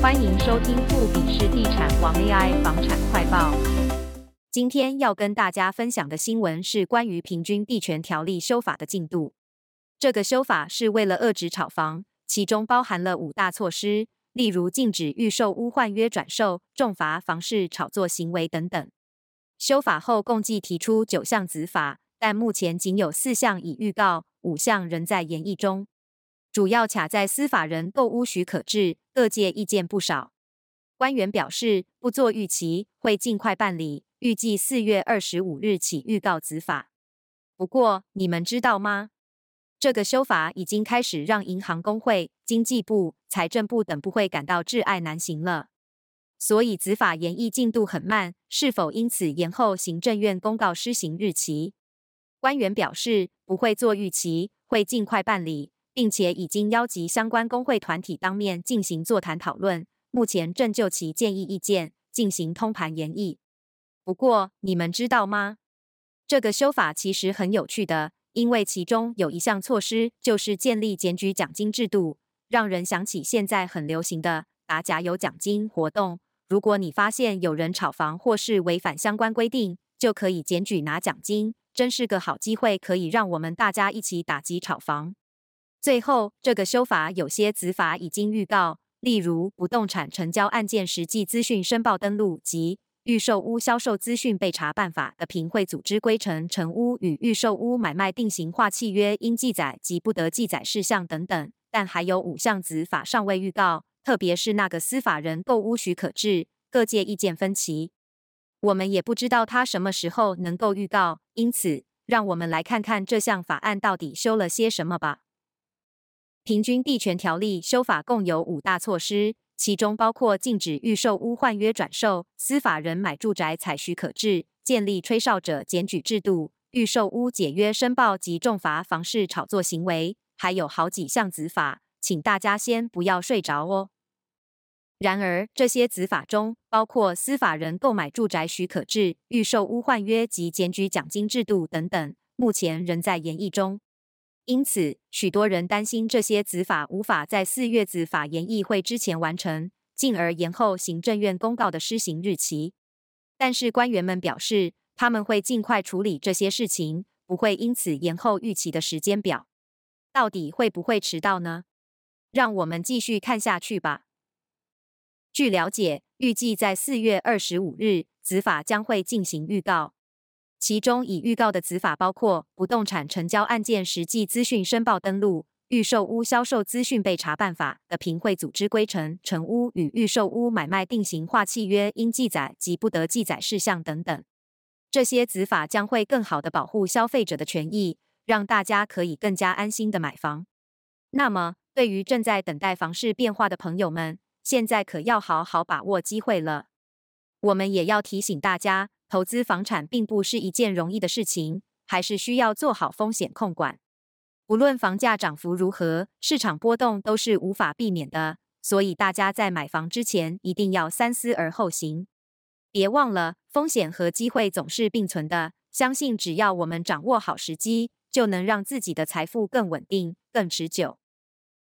歡迎收聽富比士地產王 AI 房產快報。今天要跟大家分享的新聞是關於《平均地權條例》修法的進度。這個修法是為了遏制炒房，其中包含了五大措施，例如禁止預售屋換約轉售、重罰房市炒作行為等等。修法後共計提出九項子法，但目前僅有四項已預告，五項仍在研議中。主要卡在私法人購屋許可制，各界意見不少。官員表示，不做預期，會盡快辦理，預計四月二十五日起預告子法。不過，你們知道嗎？這個修法已經開始讓銀行工會、經濟部、財政部等部會感到窒礙難行了，所以子法研議進度很慢。是否因此延後行政院公告施行日期？官員表示，不會做預期，會盡快辦理。並且已經邀集相關公會團體當面進行座談討論，目前正就其建議意見進行通盤研議。不過，你們知道嗎？這個修法其實很有趣的，因為其中有一項措施就是建立檢舉獎金制度，讓人想起現在很流行的打假有獎金活動。如果你發現有人炒房或是違反相關規定，就可以檢舉拿獎金，真是個好機會，可以讓我們大家一起打擊炒房。最後，這個修法有些子法已經預告，例如不動產成交案件實際資訊申報登錄及預售屋銷售資訊備查辦法的評會組織規程、成屋與預售屋買賣定型化契約應記載及不得記載事項等等。但還有五項子法尚未預告，特別是那個私法人購屋許可制，各界意見分歧，我們也不知道他什麼時候能夠預告。因此，讓我們來看看這項法案到底修了些什麼吧。平均地權條例修法共有五大措施，其中包括禁止預售屋換約轉售、私法人買住宅採許可制、建立吹哨者檢舉制度、預售屋解約申報及重罰房市炒作行為，還有好幾項子法，請大家先不要睡着哦。然而，這些子法中包括私法人購買住宅許可制、預售屋換約及檢舉獎金制度等等，目前仍在研議中。因此，許多人擔心這些子法無法在四月子法研議會之前完成，進而延後行政院公告的施行日期。但是，官員們表示他們會盡快處理這些事情，不會因此延後預期的時間表。到底會不會遲到呢？讓我們繼續看下去吧。據了解，預計在四月二十五日，子法將會進行預告。其中已預告的子法包括不動產成交案件實際資訊申報登錄、預售屋銷售資訊備查辦法的評會組織規程、成屋與預售屋買賣定型化契約應記載及不得記載事項等等。這些子法將會更好的保護消費者的權益，讓大家可以更加安心的買房。那麼，對於正在等待房市變化的朋友們，現在可要好好把握機會了。我們也要提醒大家。投資房產並不是一件容易的事情，還是需要做好風險控管。無論房價漲幅如何，市場波動都是無法避免的。所以大家在買房之前一定要三思而後行。別忘了，風險和機會總是並存的。相信只要我們掌握好時機，就能讓自己的財富更穩定、更持久。